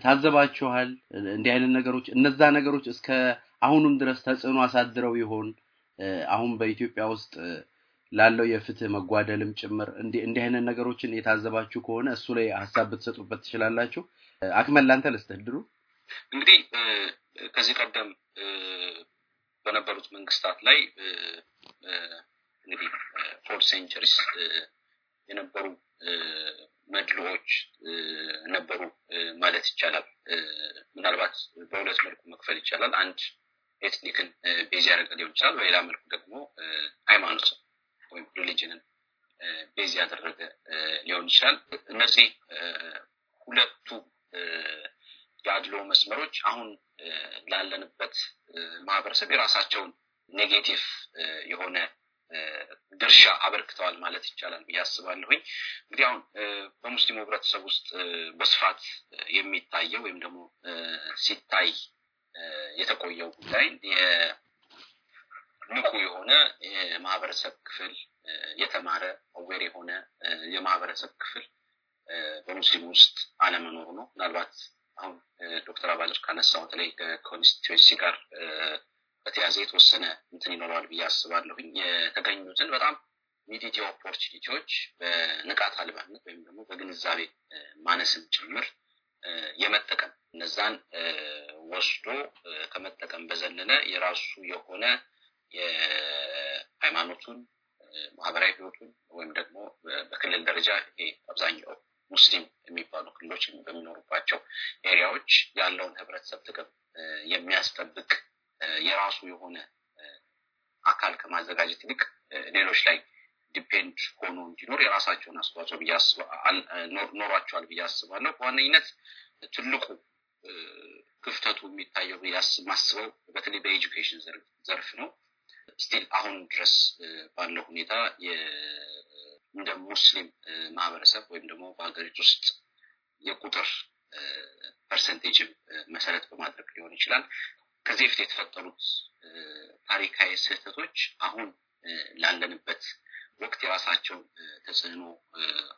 ታዘባችኋል? እንዲህ አይነት ነገሮች እነዛ ነገሮች እስከ አሁኑም ድረስ ተጽዕኖ አሳድረው ይሆን? አሁን በኢትዮጵያ ውስጥ ላለው የፍትህ መጓደልም ጭምር እንዲህ አይነት ነገሮችን የታዘባችሁ ከሆነ እሱ ላይ ሀሳብ ብትሰጡበት ትችላላችሁ። አክመል ላንተ እንግዲህ ከዚህ ቀደም
በነበሩት መንግስታት ላይ እንግዲህ ፎር ሴንቸሪስ የነበሩ መድልዎች ነበሩ ማለት ይቻላል። ምናልባት በሁለት መልኩ መክፈል ይቻላል። አንድ ኤትኒክን ቤዝ ያደረገ ሊሆን ይችላል። በሌላ መልኩ ደግሞ ሃይማኖት ወይም ሪሊጅንን ቤዝ ያደረገ ሊሆን ይችላል። እነዚህ ሁለቱ የአድሎ መስመሮች አሁን ላለንበት ማህበረሰብ የራሳቸውን ኔጌቲቭ የሆነ ድርሻ አበርክተዋል ማለት ይቻላል ብዬ አስባለሁኝ። እንግዲህ አሁን በሙስሊሙ ህብረተሰብ ውስጥ በስፋት የሚታየው ወይም ደግሞ ሲታይ የተቆየው ጉዳይ ንቁ የሆነ የማህበረሰብ ክፍል የተማረ አዌር የሆነ የማህበረሰብ ክፍል በሙስሊም ውስጥ አለመኖሩ ነው። ምናልባት አሁን ዶክተር አባነር ካነሳው በተለይ ከኮንስቲትዌንሲ ጋር በተያዘ የተወሰነ እንትን ይኖረዋል ብዬ አስባለሁኝ። የተገኙትን በጣም ሚዲቲ ኦፖርቹኒቲዎች በንቃት አልባነት ወይም ደግሞ በግንዛቤ ማነስም ጭምር የመጠቀም እነዛን ወስዶ ከመጠቀም በዘለለ የራሱ የሆነ የሃይማኖቱን ማህበራዊ ህይወቱን ወይም ደግሞ በክልል ደረጃ አብዛኛው ሙስሊም የሚባሉ ክልሎች በሚኖሩባቸው ኤሪያዎች ያለውን ህብረተሰብ ጥቅም የሚያስጠብቅ የራሱ የሆነ አካል ከማዘጋጀት ይልቅ ሌሎች ላይ ዲፔንድ ሆኖ እንዲኖር የራሳቸውን አስተዋጽኦ ኖሯቸዋል ብዬ አስባለሁ። በዋነኝነት ትልቁ ክፍተቱ የሚታየው ማስበው በተለይ በኤጁኬሽን ዘርፍ ነው። ስቲል አሁን ድረስ ባለው ሁኔታ እንደ ሙስሊም ማህበረሰብ ወይም ደግሞ በሀገሪቱ ውስጥ የቁጥር ፐርሰንቴጅ መሰረት በማድረግ ሊሆን ይችላል። ከዚህ በፊት የተፈጠሩት ታሪካዊ ስህተቶች አሁን ላለንበት ወቅት የራሳቸውን ተጽዕኖ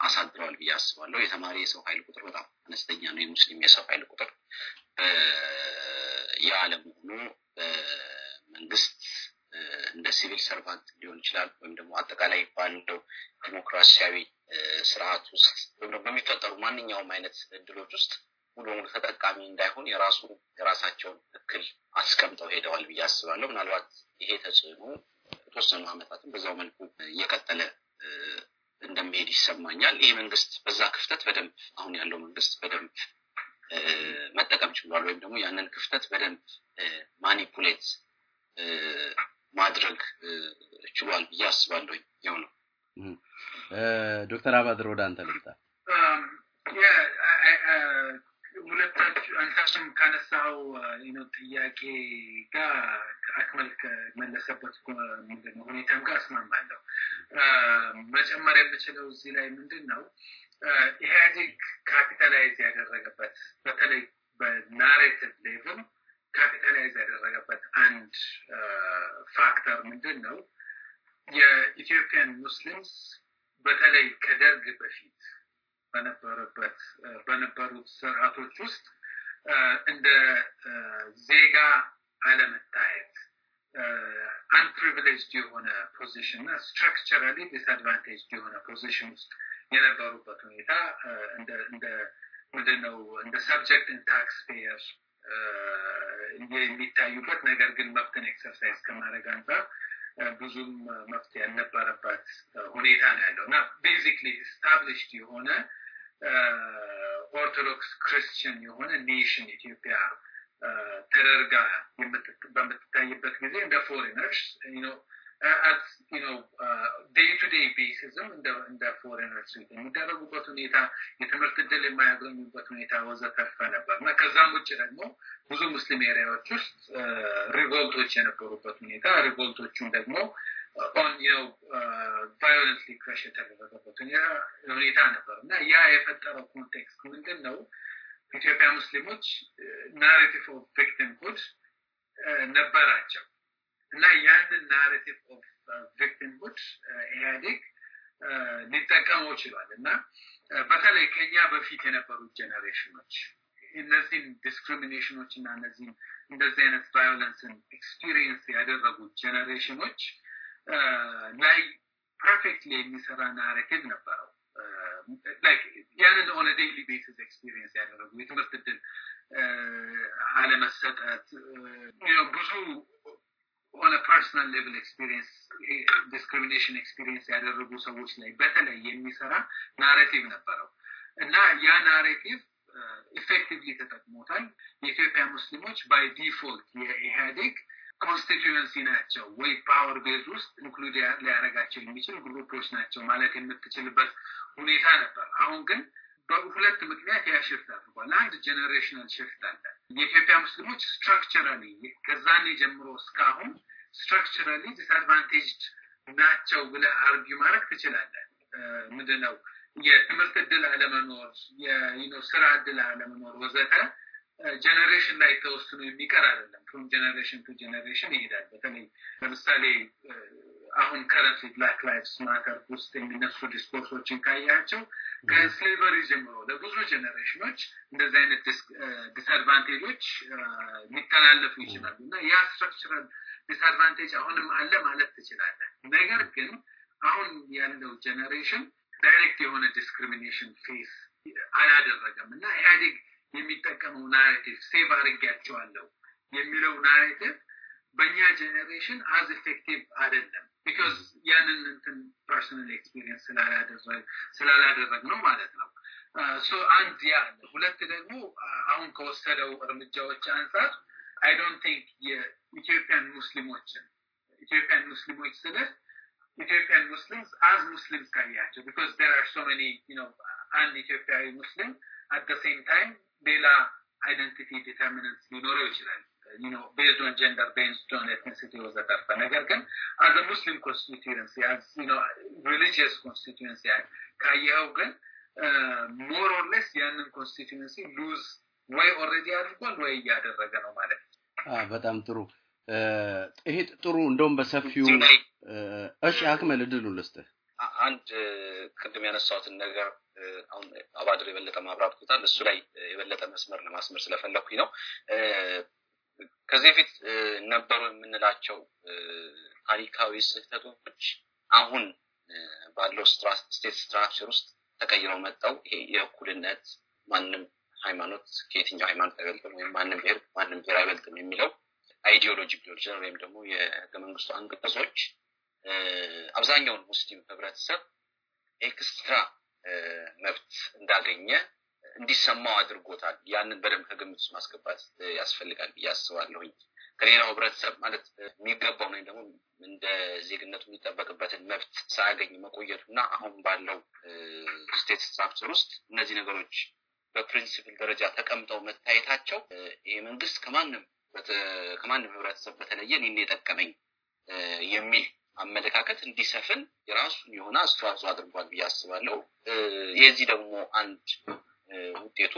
አሳድረዋል ብዬ አስባለሁ። የተማሪ የሰው ኃይል ቁጥር በጣም አነስተኛ ነው። የሙስሊም የሰው ኃይል ቁጥር የአለም ሆኖ በመንግስት እንደ ሲቪል ሰርቫንት ሊሆን ይችላል ወይም ደግሞ አጠቃላይ ባለው ዲሞክራሲያዊ ስርዓት ውስጥ ወይም ደግሞ በሚፈጠሩ ማንኛውም አይነት እድሎች ውስጥ ሙሉ በሙሉ ተጠቃሚ እንዳይሆን የራሱ የራሳቸውን እክል አስቀምጠው ሄደዋል ብዬ አስባለሁ። ምናልባት ይሄ ተጽዕኖ የተወሰኑ ዓመታትም በዛው መልኩ እየቀጠለ እንደሚሄድ ይሰማኛል። ይህ መንግስት በዛ ክፍተት በደንብ አሁን ያለው መንግስት በደንብ መጠቀም ችሏል፣ ወይም ደግሞ ያንን ክፍተት በደንብ ማኒፑሌት ማድረግ ችሏል ብዬ አስባለሁ። ያው ነው።
ዶክተር አባድር ወደ አንተ ልምጣ።
ሁለታችሁ አንተም ካነሳው ጥያቄ ጋር አክመል ከመለሰበት ሁኔታም ጋር አስማማለሁ። መጨመር የምችለው እዚህ ላይ ምንድን ነው ኢህአዴግ ካፒታላይዝ ያደረገበት በተለይ በናሬቲቭ ሌቭል
ካፒታላይዝ ያደረገበት አንድ ፋክተር ምንድን ነው? የኢትዮጵያን
ሙስሊምስ በተለይ ከደርግ በፊት በነበረበት በነበሩት ስርዓቶች ውስጥ እንደ ዜጋ አለመታየት አንፕሪቪሌጅድ የሆነ ፖዚሽን እና ስትራክቸራሊ ዲስአድቫንቴጅ የሆነ ፖዚሽን ውስጥ የነበሩበት ሁኔታ ምንድነው እንደ ሰብጀክት ታክስ ፔየር የሚታዩበት ነገር ግን መብትን ኤክሰርሳይዝ ከማድረግ አንጻር ብዙም መፍት ያልነበረበት ሁኔታ ነው ያለው እና ቤዚክሊ ስታብሊሽድ የሆነ ኦርቶዶክስ ክርስቲያን የሆነ ኔሽን ኢትዮጵያ ተደርጋ በምትታይበት ጊዜ እንደ ፎሬነርስ Uh, at you know day እንደ እንደ ፎሬነርስ የሚደረጉበት ሁኔታ የትምህርት እድል የማያገኙበት ሁኔታ ወዘተርፈ ነበር እና ከዛም ውጭ ደግሞ ብዙ ሙስሊም ኤሪያዎች ውስጥ uh, ሪቮልቶች የነበሩበት ሁኔታ
ሪቮልቶቹም ደግሞ
ኦን uh, ው የተደረገበት ሁኔታ ነበር እና ያ የፈጠረው ኮንቴክስት ምንድን ነው? ኢትዮጵያ ሙስሊሞች ናሬቲቭ ኦፍ ቪክቲምሁድ ነበራቸው እና ያንን ናሬቲቭ ኦፍ ቪክቲምሁድ ኢህአዴግ uh, ሊጠቀመው ችሏል እና uh, በተለይ ከኛ በፊት የነበሩት ጀኔሬሽኖች እነዚህን ዲስክሪሚኔሽኖች እና እነዚህን እንደዚህ አይነት ቫዮለንስን ኤክስፒሪየንስ ያደረጉት ጀኔሬሽኖች uh, ላይ ፐርፌክትሊ የሚሰራ ናሬቲቭ ነበረው። ያንን ኦነ ዴይሊ ቤሲስ ኤክስፒሪየንስ ያደረጉ የትምህርት እድል አለመሰጠት ብዙ ኦን ፐርሰናል ሌቭል ኤክስፒሪየንስ ዲስክሪሚኔሽን ኤክስፒሪየንስ ያደረጉ ሰዎች ላይ በተለይ የሚሰራ ናሬቲቭ ነበረው እና ያ ናሬቲቭ ኢፌክቲቭሊ eh, ተጠቅሞታል። የኢትዮጵያ ሙስሊሞች ባይ ዲፎልት የኢህአዴግ ኮንስቲቱንሲ ናቸው ወይ ፓወር ቤዝ ውስጥ ኢንክሉድ ሊያደርጋቸው የሚችል ግሩፖች ናቸው ማለት የምትችልበት ሁኔታ ነበር። አሁን ግን በሁለት ምክንያት ያ ሽፍት አድርጓል። አንድ ጀኔሬሽናል ሽፍት አለ። የኢትዮጵያ ሙስሊሞች ስትራክቸራሊ ከዛኔ ጀምሮ እስካሁን ስትራክቸራሊ ዲስአድቫንቴጅ ናቸው ብለህ አርጊው ማድረግ ትችላለህ። ምንድን ነው የትምህርት እድል አለመኖር፣ ስራ እድል አለመኖር ወዘተ ጀኔሬሽን ላይ ተወስኖ የሚቀር አይደለም። ፍሮም ጀኔሬሽን ቱ ጀኔሬሽን ይሄዳል። በተለይ ለምሳሌ አሁን ከረንት ብላክ ላይቭስ ማተር ውስጥ የሚነሱ ዲስኮርሶችን ካያቸው ከስሌቨሪ ጀምሮ ለብዙ ጀኔሬሽኖች እንደዚህ አይነት ዲስአድቫንቴጆች ሊተላለፉ ይችላሉ እና ያ ስትራክቸራል ዲስአድቫንቴጅ አሁንም አለ ማለት ትችላለ። ነገር ግን አሁን ያለው ጀኔሬሽን ዳይሬክት የሆነ ዲስክሪሚኔሽን ፌስ አላደረገም እና ኢህአዴግ የሚጠቀመው ናሬቲቭ ሴቭ አድርጌያቸዋለሁ የሚለው ናሬቲቭ በእኛ ጀኔሬሽን አዝ ኤፌክቲቭ አይደለም። ቢካዝ ያንን እንትን ፐርሰናል ኤክስፒሪየንስ ስላላደረግ ነው ማለት ነው። አንድ ያ አለ። ሁለት ደግሞ አሁን ከወሰደው እርምጃዎች አንጻር አይ ዶንት ቲንክ የኢትዮጵያን ሙስሊሞችን ኢትዮጵያን ሙስሊሞች ስለ ኢትዮጵያን ሙስሊምስ አዝ ሙስሊምስ ካያቸው ቢካዝ ዴር አር ሶ ሜኒ ነው አንድ ኢትዮጵያዊ ሙስሊም አት ሴም ታይም ሌላ አይደንቲቲ ዲተርሚነንት ሊኖረው ይችላል። ቤዝድ ኦን ጀንደር ቤዝድ ኦን ኤትኒሲቲ ወዘተርፈ። ነገር ግን አዘ ሙስሊም ኮንስቲትዩንሲ ሪሊጂየስ ኮንስቲትዩንሲ ካየኸው ግን ሞር ኦር ሌስ ያንን ኮንስቲትዩንሲ ሉዝ ወይ ኦልሬዲ አድርጓል ወይ እያደረገ ነው ማለት ነው።
በጣም ጥሩ። uh, ይሄ ጥሩ እንደውም በሰፊው uh, እሺ፣ አክመል እድሉ ልስጥ
አንድ
uh, ቅድም ያነሳሁትን ነገር አሁን አባድር የበለጠ ማብራት ኩታል እሱ ላይ የበለጠ መስመር ለማስመር ስለፈለግኩኝ ነው። ከዚህ በፊት ነበሩ የምንላቸው ታሪካዊ ስህተቶች አሁን ባለው ስቴት ስትራክቸር ውስጥ ተቀይረው መጣው ይሄ የእኩልነት ማንም ሃይማኖት ከየትኛው ሃይማኖት አይበልጥም ወይም ማንም ብሄር ማንም ብሄር አይበልጥም የሚለው አይዲዮሎጂ ሊሆን ወይም ደግሞ የህገ መንግስቱ አንቀጾች አብዛኛውን ሙስሊም ህብረተሰብ ኤክስትራ መብት እንዳገኘ እንዲሰማው አድርጎታል። ያንን በደንብ ከግምት ውስጥ ማስገባት ያስፈልጋል ብዬ አስባለሁኝ። ከሌላው ህብረተሰብ ማለት የሚገባው ወይም ደግሞ እንደ ዜግነቱ የሚጠበቅበትን መብት ሳያገኝ መቆየቱ እና አሁን ባለው ስቴት ስትራክቸር ውስጥ እነዚህ ነገሮች በፕሪንሲፕል ደረጃ ተቀምጠው መታየታቸው ይህ መንግስት ከማንም ከማንም ህብረተሰብ በተለየ እኔን የጠቀመኝ የሚል አመለካከት እንዲሰፍን የራሱን የሆነ አስተዋጽኦ አድርጓል ብዬ አስባለሁ። የዚህ ደግሞ አንድ ውጤቱ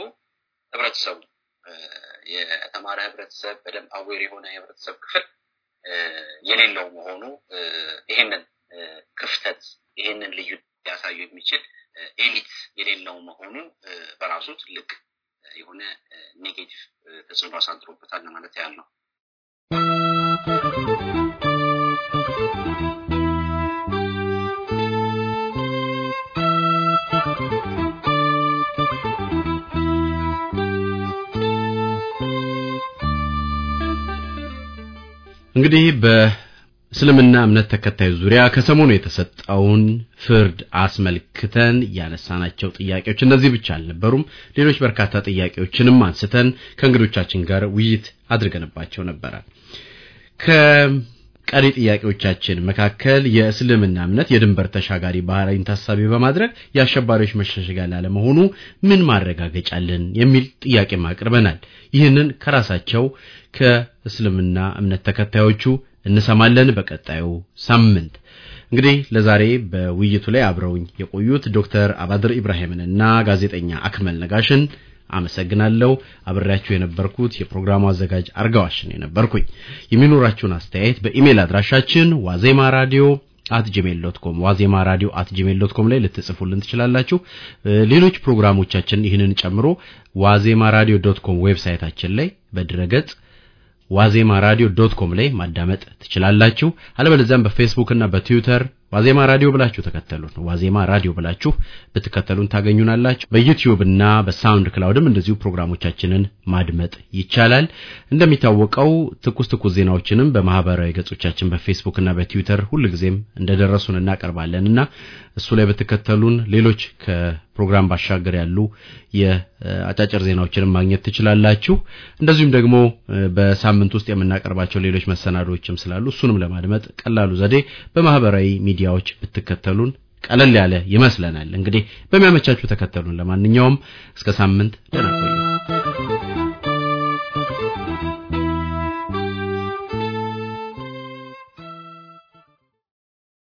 ህብረተሰቡ የተማረ ህብረተሰብ በደንብ አዌር የሆነ የህብረተሰብ ክፍል የሌለው መሆኑ ይህንን ክፍተት ይህንን ልዩ ሊያሳዩ የሚችል ኤሊት የሌለው መሆኑ በራሱ ትልቅ የሆነ ኔጌቲቭ ተጽዕኖ አሳድሮበታል ለማለት ያህል ነው።
እንግዲህ
በእስልምና እምነት ተከታይ ዙሪያ ከሰሞኑ የተሰጠውን ፍርድ አስመልክተን ያነሳናቸው ጥያቄዎች እነዚህ ብቻ አልነበሩም። ሌሎች በርካታ ጥያቄዎችንም አንስተን ከእንግዶቻችን ጋር ውይይት አድርገንባቸው ነበረ። ቀሪ ጥያቄዎቻችን መካከል የእስልምና እምነት የድንበር ተሻጋሪ ባህሪን ታሳቢ በማድረግ የአሸባሪዎች መሸሸጋ ላለመሆኑ ምን ማረጋገጫለን የሚል ጥያቄም አቅርበናል። ይህንን ከራሳቸው ከእስልምና እምነት ተከታዮቹ እንሰማለን በቀጣዩ ሳምንት። እንግዲህ ለዛሬ በውይይቱ ላይ አብረውኝ የቆዩት ዶክተር አባድር እና ጋዜጠኛ አክመል ነጋሽን አመሰግናለሁ። አብሬያችሁ የነበርኩት የፕሮግራሙ አዘጋጅ አርጋዋሽን የነበርኩኝ። የሚኖራችሁን አስተያየት በኢሜል አድራሻችን ዋዜማ ራዲዮ አት ጂሜል ዶት ኮም ዋዜማ ራዲዮ አት ጂሜል ዶት ኮም ላይ ልትጽፉልን ትችላላችሁ። ሌሎች ፕሮግራሞቻችን ይህንን ጨምሮ ዋዜማ ራዲዮ ዶት ኮም ዌብሳይታችን ላይ በድረገጽ ዋዜማ ራዲዮ ዶት ኮም ላይ ማዳመጥ ትችላላችሁ። አለበለዚያም በፌስቡክ እና በትዊተር ዋዜማ ራዲዮ ብላችሁ ተከተሉን። ዋዜማ ራዲዮ ብላችሁ ብትከተሉን ታገኙናላችሁ። በዩቲዩብ እና በሳውንድ ክላውድም እንደዚሁ ፕሮግራሞቻችንን ማድመጥ ይቻላል። እንደሚታወቀው ትኩስ ትኩስ ዜናዎችንም በማህበራዊ ገጾቻችን በፌስቡክ እና በትዊተር ሁልጊዜም እንደደረሱን እናቀርባለን እና እሱ ላይ ብትከተሉን ሌሎች ከፕሮግራም ባሻገር ያሉ የአጫጭር ዜናዎችንም ማግኘት ትችላላችሁ። እንደዚሁም ደግሞ በሳምንት ውስጥ የምናቀርባቸው ሌሎች መሰናዶችም ስላሉ እሱንም ለማድመጥ ቀላሉ ዘዴ በማህበራዊ ሚዲያዎች ብትከተሉን ቀለል ያለ ይመስለናል። እንግዲህ በሚያመቻችሁ ተከተሉን። ለማንኛውም እስከ ሳምንት ደህና
ቆዩ።